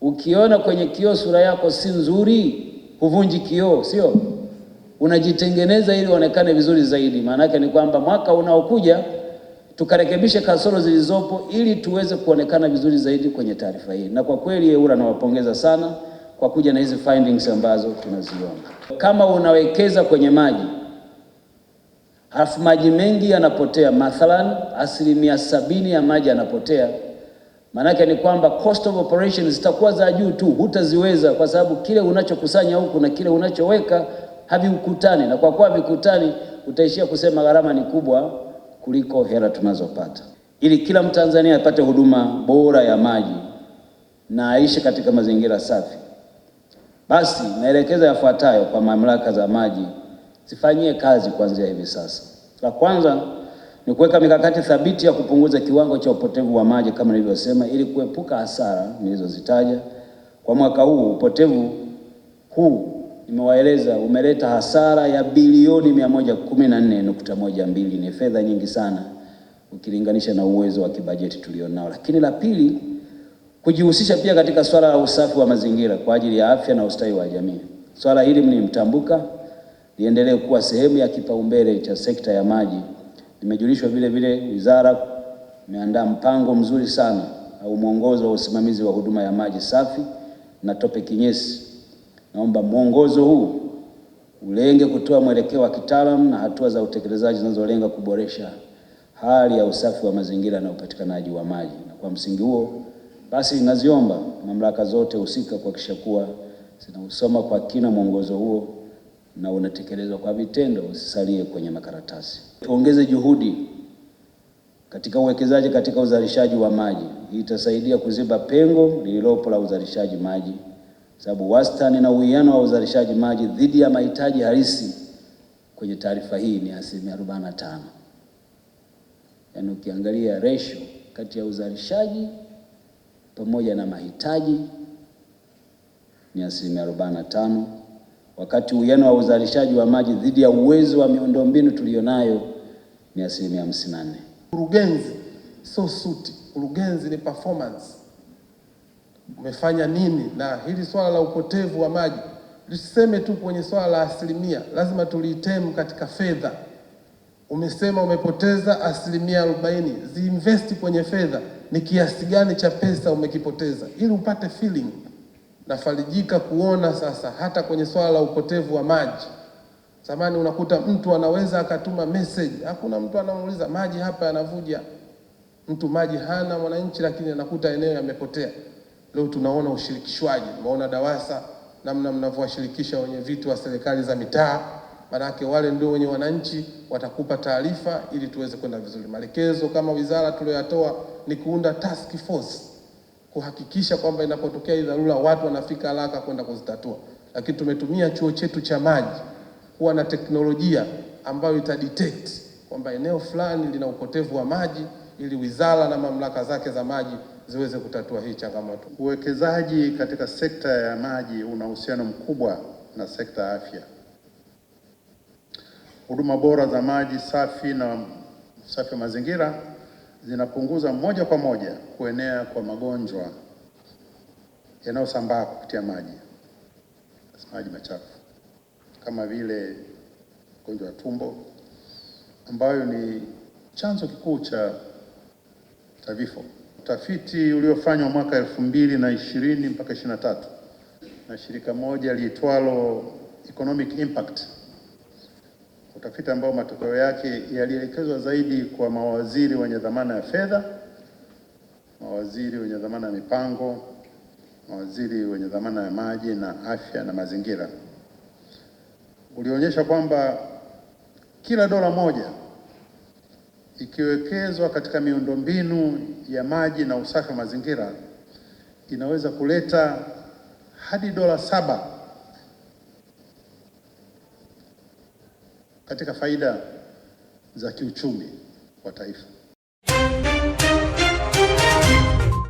Ukiona kwenye kioo sura yako si nzuri, huvunji kioo, sio unajitengeneza ili uonekane vizuri zaidi. Maana yake ni kwamba mwaka unaokuja tukarekebishe kasoro zilizopo ili tuweze kuonekana vizuri zaidi kwenye taarifa hii. Na kwa kweli EWURA nawapongeza sana kwa kuja na hizi findings ambazo tunaziona. Kama unawekeza kwenye maji halafu maji mengi yanapotea, mathalan asilimia sabini ya maji yanapotea Maanake ni kwamba cost of operations zitakuwa za juu tu, hutaziweza kwa sababu kile unachokusanya huku na kile unachoweka haviukutani, na kwa kuwa vikutani, utaishia kusema gharama ni kubwa kuliko hela tunazopata. Ili kila Mtanzania apate huduma bora ya maji na aishi katika mazingira safi, basi naelekeza yafuatayo kwa mamlaka za maji zifanyie kazi kuanzia hivi sasa. La kwanza ni kuweka mikakati thabiti ya kupunguza kiwango cha upotevu wa maji kama nilivyosema, ili kuepuka hasara nilizozitaja. Kwa mwaka huu upotevu huu nimewaeleza umeleta hasara ya bilioni 114.12. Ni fedha nyingi sana ukilinganisha na uwezo wa kibajeti tulionao. Lakini la pili, kujihusisha pia katika swala la usafi wa mazingira kwa ajili ya afya na ustawi wa jamii. Swala hili mnimtambuka, liendelee kuwa sehemu ya kipaumbele cha sekta ya maji. Nimejulishwa vile vile wizara imeandaa mpango mzuri sana au mwongozo wa usimamizi wa huduma ya maji safi na tope kinyesi. Naomba mwongozo huu ulenge kutoa mwelekeo wa kitaalamu na hatua za utekelezaji zinazolenga kuboresha hali ya usafi wa mazingira na upatikanaji wa maji. Na kwa msingi huo basi, naziomba mamlaka zote husika kuhakikisha kuwa zinausoma kwa kina mwongozo huo na unatekelezwa kwa vitendo, usisalie kwenye makaratasi. Tuongeze juhudi katika uwekezaji katika uzalishaji wa maji. Hii itasaidia kuziba pengo lililopo la uzalishaji maji, sababu wastani na uwiano wa uzalishaji maji dhidi ya mahitaji halisi kwenye taarifa hii ni asilimia arobaini tano. Yaani ukiangalia ratio kati ya uzalishaji pamoja na mahitaji ni asilimia 45 wakati uwiano wa uzalishaji wa maji dhidi ya uwezo wa miundombinu tuliyonayo ni asilimia nne Urugenzi sio suti, urugenzi ni performance. Umefanya nini? Na hili swala la upotevu wa maji lisiseme tu kwenye swala la asilimia, lazima tuliitemu katika fedha. Umesema umepoteza asilimia arobaini, ziinvesti kwenye fedha. Ni kiasi gani cha pesa umekipoteza, ili upate feeling. Nafarijika kuona sasa hata kwenye swala la upotevu wa maji. Zamani unakuta mtu anaweza akatuma message, hakuna mtu anamuuliza maji hapa yanavuja. Mtu maji hana mwananchi, lakini anakuta eneo yamepotea. Leo tunaona ushirikishwaji, tumeona DAWASA namna mnavyowashirikisha wenye vitu wa serikali za mitaa, maanake wale ndio wenye wananchi, watakupa taarifa ili tuweze kwenda vizuri. Maelekezo kama wizara tuliyoyatoa ni kuunda task force kuhakikisha kwamba inapotokea hii dharura watu wanafika haraka kwenda kuzitatua, lakini tumetumia chuo chetu cha maji kuwa na teknolojia ambayo itadetect kwamba eneo fulani lina upotevu wa maji ili wizara na mamlaka zake za maji ziweze kutatua hii changamoto. Uwekezaji katika sekta ya maji una uhusiano mkubwa na sekta ya afya. Huduma bora za maji safi na usafi wa mazingira zinapunguza moja kwa moja kuenea kwa magonjwa yanayosambaa kupitia maji maji machafu kama vile ugonjwa wa tumbo ambayo ni chanzo kikuu cha cha vifo. Utafiti uliofanywa mwaka elfu mbili na ishirini mpaka ishirini na tatu na shirika moja liitwalo Economic Impact utafiti ambao matokeo yake yalielekezwa zaidi kwa mawaziri wenye dhamana ya fedha, mawaziri wenye dhamana ya mipango, mawaziri wenye dhamana ya maji na afya na mazingira, ulionyesha kwamba kila dola moja ikiwekezwa katika miundombinu ya maji na usafi wa mazingira inaweza kuleta hadi dola saba katika faida za kiuchumi wa taifa.